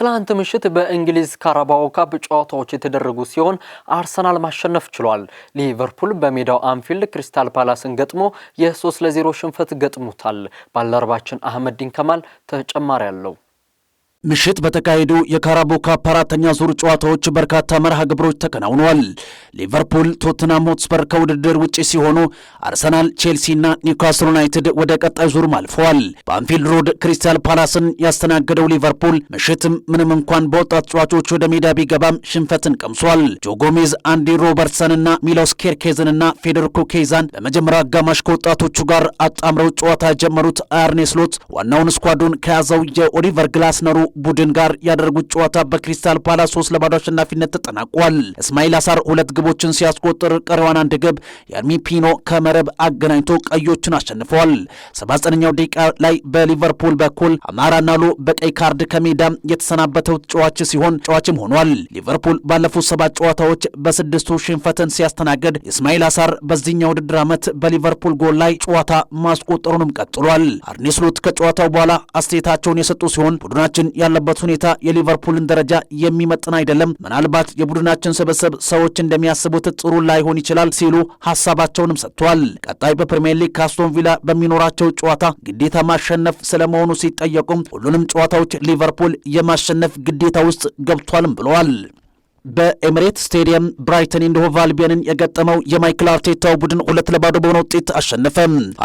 ትላንት ምሽት በእንግሊዝ ካራባኦ ካፕ ጨዋታዎች የተደረጉ ሲሆን አርሰናል ማሸነፍ ችሏል። ሊቨርፑል በሜዳው አንፊልድ ክሪስታል ፓላስን ገጥሞ ለ0 ሽንፈት ገጥሞታል። ባልደረባችን አህመድ ከማል ተጨማሪ አለው። ምሽት በተካሄዱ የካራቦ ካፕ አራተኛ ዙር ጨዋታዎች በርካታ መርሃ ግብሮች ተከናውነዋል። ሊቨርፑል ቶትናም ሆትስፐር ከውድድር ውጪ ሲሆኑ አርሰናል፣ ቼልሲና ኒውካስል ዩናይትድ ወደ ቀጣይ ዙርም አልፈዋል። በአንፊልድ ሮድ ክሪስታል ፓላስን ያስተናገደው ሊቨርፑል ምሽትም ምንም እንኳን በወጣት ጨዋቾች ወደ ሜዳ ቢገባም ሽንፈትን ቀምሷል። ጆ ጎሜዝ፣ አንዲ ሮበርትሰንና ሚሎስ ኬርኬዝንና ፌዴሪኮ ኬዛን በመጀመሪያ አጋማሽ ከወጣቶቹ ጋር አጣምረው ጨዋታ የጀመሩት አርኔ ስሎት ዋናውን ስኳዱን ከያዘው የኦሊቨር ግላስነሩ ቡድን ጋር ያደረጉት ጨዋታ በክሪስታል ፓላስ ሶስት ለባዶ አሸናፊነት ተጠናቋል። እስማኤል አሳር ሁለት ግቦችን ሲያስቆጥር ቀሪዋን አንድ ግብ የአርሚ ፒኖ ከመረብ አገናኝቶ ቀዮችን አሸንፈዋል። ሰባ ዘጠነኛው ደቂቃ ላይ በሊቨርፑል በኩል አማራ ናሎ በቀይ ካርድ ከሜዳ የተሰናበተው ተጫዋች ሲሆን ተጫዋችም ሆኗል። ሊቨርፑል ባለፉት ሰባት ጨዋታዎች በስድስቱ ሽንፈትን ሲያስተናግድ እስማኤል አሳር በዚህኛው ውድድር ዓመት በሊቨርፑል ጎል ላይ ጨዋታ ማስቆጠሩንም ቀጥሏል። አርኔ ስሎት ከጨዋታው በኋላ አስተያየታቸውን የሰጡ ሲሆን ቡድናችን ያለበት ሁኔታ የሊቨርፑልን ደረጃ የሚመጥን አይደለም፣ ምናልባት የቡድናችን ስብስብ ሰዎች እንደሚያስቡት ጥሩ ላይሆን ይችላል ሲሉ ሀሳባቸውንም ሰጥተዋል። ቀጣይ በፕሪምየር ሊግ ከአስቶን ቪላ በሚኖራቸው ጨዋታ ግዴታ ማሸነፍ ስለመሆኑ ሲጠየቁም ሁሉንም ጨዋታዎች ሊቨርፑል የማሸነፍ ግዴታ ውስጥ ገብቷልም ብለዋል። በኤምሬት ስቴዲየም ብራይተን ኢንድ ሆቭ የገጠመው የማይክል አርቴታው ቡድን ሁለት ለባዶ በሆነ ውጤት አሸነፈ።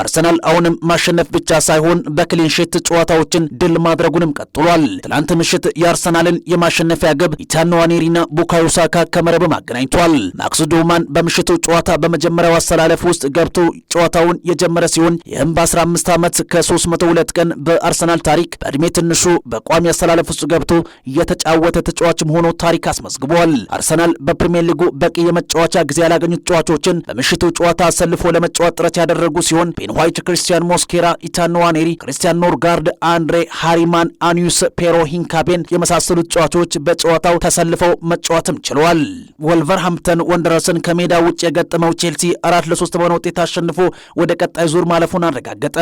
አርሰናል አሁንም ማሸነፍ ብቻ ሳይሆን በክሊንሽት ጨዋታዎችን ድል ማድረጉንም ቀጥሏል። ትናንት ምሽት የአርሰናልን የማሸነፊያ ግብ ኢታን ንዋኔሪና ቡካዮ ሳካ ከመረብም አገናኝቷል። ማክስ ዶማን በምሽቱ ጨዋታ በመጀመሪያው አሰላለፍ ውስጥ ገብቶ ጨዋታውን የጀመረ ሲሆን ይህም በ15 ዓመት ከ302 ቀን በአርሰናል ታሪክ በእድሜ ትንሹ በቋሚ አሰላለፍ ውስጥ ገብቶ የተጫወተ ተጫዋች ሆኖ ታሪክ አስመዝግቧል። ተመልክተናል። አርሰናል በፕሪምየር ሊጉ በቂ የመጫወቻ ጊዜ ያላገኙት ተጫዋቾችን በምሽቱ ጨዋታ አሰልፎ ለመጫወት ጥረት ያደረጉ ሲሆን ቤን ዋይት፣ ክርስቲያን ሞስኬራ፣ ኢታን ንዋኔሪ፣ ክርስቲያን ኖርጋርድ፣ አንድሬ ሃሪማን፣ አኒዩስ ፔሮ ሂንካቤን የመሳሰሉት ተጫዋቾች በጨዋታው ተሰልፈው መጫወትም ችለዋል። ወልቨርሃምፕተን ወንደረስን ከሜዳ ውጭ የገጠመው ቼልሲ አራት ለሶስት በሆነ ውጤት አሸንፎ ወደ ቀጣይ ዙር ማለፉን አረጋገጠ።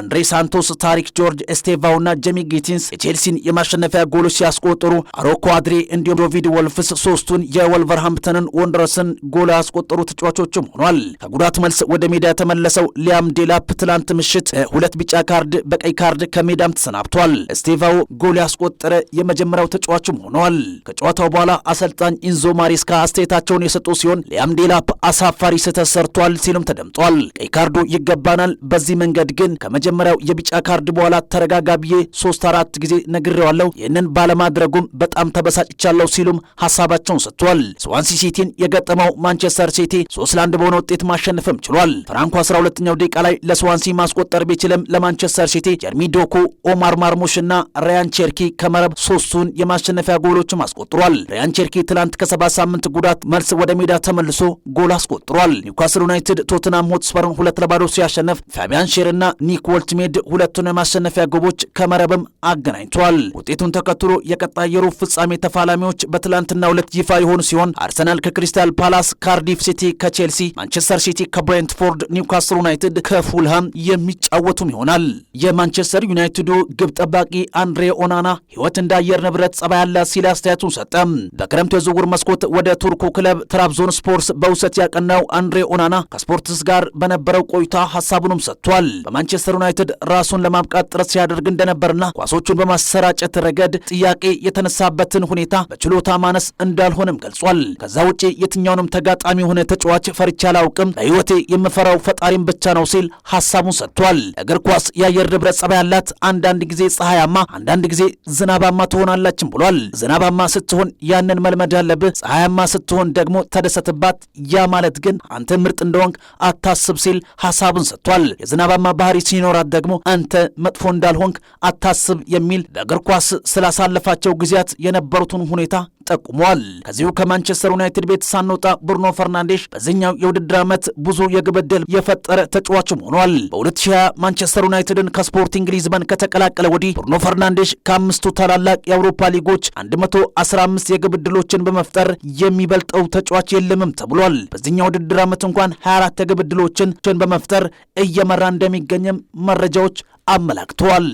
አንድሬ ሳንቶስ፣ ታሪክ ጆርጅ፣ ኤስቴቫውና ጄሚ ጊቲንስ የቼልሲን የማሸነፊያ ጎሎች ሲያስቆጥሩ አሮኮ አድሬ እንዲሁም ዶቪድ ወልፍስ ሶስቱን የወልቨርሃምፕተንን ወንደረስን ጎል ያስቆጠሩ ተጫዋቾችም ሆኗል። ከጉዳት መልስ ወደ ሜዳ የተመለሰው ሊያም ዴላፕ ትላንት ምሽት ሁለት ቢጫ ካርድ በቀይ ካርድ ከሜዳም ተሰናብቷል። ስቴቫው ጎል ያስቆጠረ የመጀመሪያው ተጫዋችም ሆኗል። ከጨዋታው በኋላ አሰልጣኝ ኢንዞ ማሪስካ አስተያየታቸውን የሰጡ ሲሆን ሊያም ዴላፕ አሳፋሪ ስህተት ሰርቷል ሲሉም ተደምጧል። ቀይ ካርዱ ይገባናል። በዚህ መንገድ ግን ከመጀመሪያው የቢጫ ካርድ በኋላ ተረጋጋ ብዬ ሶስት አራት ጊዜ ነግሬዋለሁ። ይህንን ባለማድረጉም በጣም ተበሳጭቻለሁ ሲሉም ሀሳባቸው ድምጻቸውን ሰጥቷል። ስዋንሲ ሲቲን የገጠመው ማንቸስተር ሲቲ ሶስት ለአንድ በሆነ ውጤት ማሸነፍም ችሏል። ፍራንኮ 12ኛው ደቂቃ ላይ ለስዋንሲ ማስቆጠር ቢችልም ለማንቸስተር ሲቲ ጀርሚ ዶኩ፣ ኦማር ማርሙሽ እና ራያን ቸርኪ ከመረብ ሶስቱን የማሸነፊያ ጎሎችም አስቆጥሯል። ሪያን ቸርኪ ትላንት ከሰባት ሳምንት ጉዳት መልስ ወደ ሜዳ ተመልሶ ጎል አስቆጥሯል። ኒውካስል ዩናይትድ ቶትናም ሆትስፐርን ሁለት ለባዶ ሲያሸነፍ ፋቢያን ሼር እና ኒክ ወልትሜድ ሁለቱን የማሸነፊያ ግቦች ከመረብም አገናኝቷል። ውጤቱን ተከትሎ የቀጣይ የሩብ ፍጻሜ ተፋላሚዎች በትላንትና ሁለት ሁለት ይፋ የሆኑ ሲሆን አርሰናል ከክሪስታል ፓላስ፣ ካርዲፍ ሲቲ ከቼልሲ፣ ማንቸስተር ሲቲ ከብሬንትፎርድ፣ ኒውካስል ዩናይትድ ከፉልሃም የሚጫወቱም ይሆናል። የማንቸስተር ዩናይትዱ ግብ ጠባቂ አንድሬ ኦናና ህይወት እንደ አየር ንብረት ጸባይ ያለ ሲል አስተያየቱን ሰጠ። በክረምቱ የዝውውር መስኮት ወደ ቱርኩ ክለብ ትራብዞን ስፖርትስ በውሰት ያቀናው አንድሬ ኦናና ከስፖርትስ ጋር በነበረው ቆይታ ሀሳቡንም ሰጥቷል። በማንቸስተር ዩናይትድ ራሱን ለማብቃት ጥረት ሲያደርግ እንደነበርና ኳሶቹን በማሰራጨት ረገድ ጥያቄ የተነሳበትን ሁኔታ በችሎታ ማነስ እንደ እንዳልሆነም ገልጿል። ከዛ ውጪ የትኛውንም ተጋጣሚ የሆነ ተጫዋች ፈርቻ አላውቅም፣ በህይወቴ የምፈራው ፈጣሪም ብቻ ነው ሲል ሀሳቡን ሰጥቷል። እግር ኳስ የአየር ንብረት ጸባይ ያላት፣ አንዳንድ ጊዜ ፀሐያማ፣ አንዳንድ ጊዜ ዝናባማ ትሆናላችን ብሏል። ዝናባማ ስትሆን ያንን መልመድ አለብህ፣ ፀሐያማ ስትሆን ደግሞ ተደሰትባት። ያ ማለት ግን አንተ ምርጥ እንደሆንክ አታስብ ሲል ሀሳቡን ሰጥቷል። የዝናባማ ባህሪ ሲኖራት ደግሞ አንተ መጥፎ እንዳልሆንክ አታስብ የሚል ለእግር ኳስ ስላሳለፋቸው ጊዜያት የነበሩትን ሁኔታ ጠቁሟል። ከዚሁ ከማንቸስተር ዩናይትድ ቤት ሳንወጣ ብሩኖ ፈርናንዴሽ በዚህኛው የውድድር ዓመት ብዙ የግብ ዕድል የፈጠረ ተጫዋችም ሆኗል። በ2020 ማንቸስተር ዩናይትድን ከስፖርቲንግ ሊዝበን ከተቀላቀለ ወዲህ ብሩኖ ፈርናንዴሽ ከአምስቱ ታላላቅ የአውሮፓ ሊጎች 115 የግብ ዕድሎችን በመፍጠር የሚበልጠው ተጫዋች የለምም ተብሏል። በዚህኛው ውድድር ዓመት እንኳን 24 የግብ ዕድሎችን በመፍጠር እየመራ እንደሚገኝም መረጃዎች አመላክተዋል።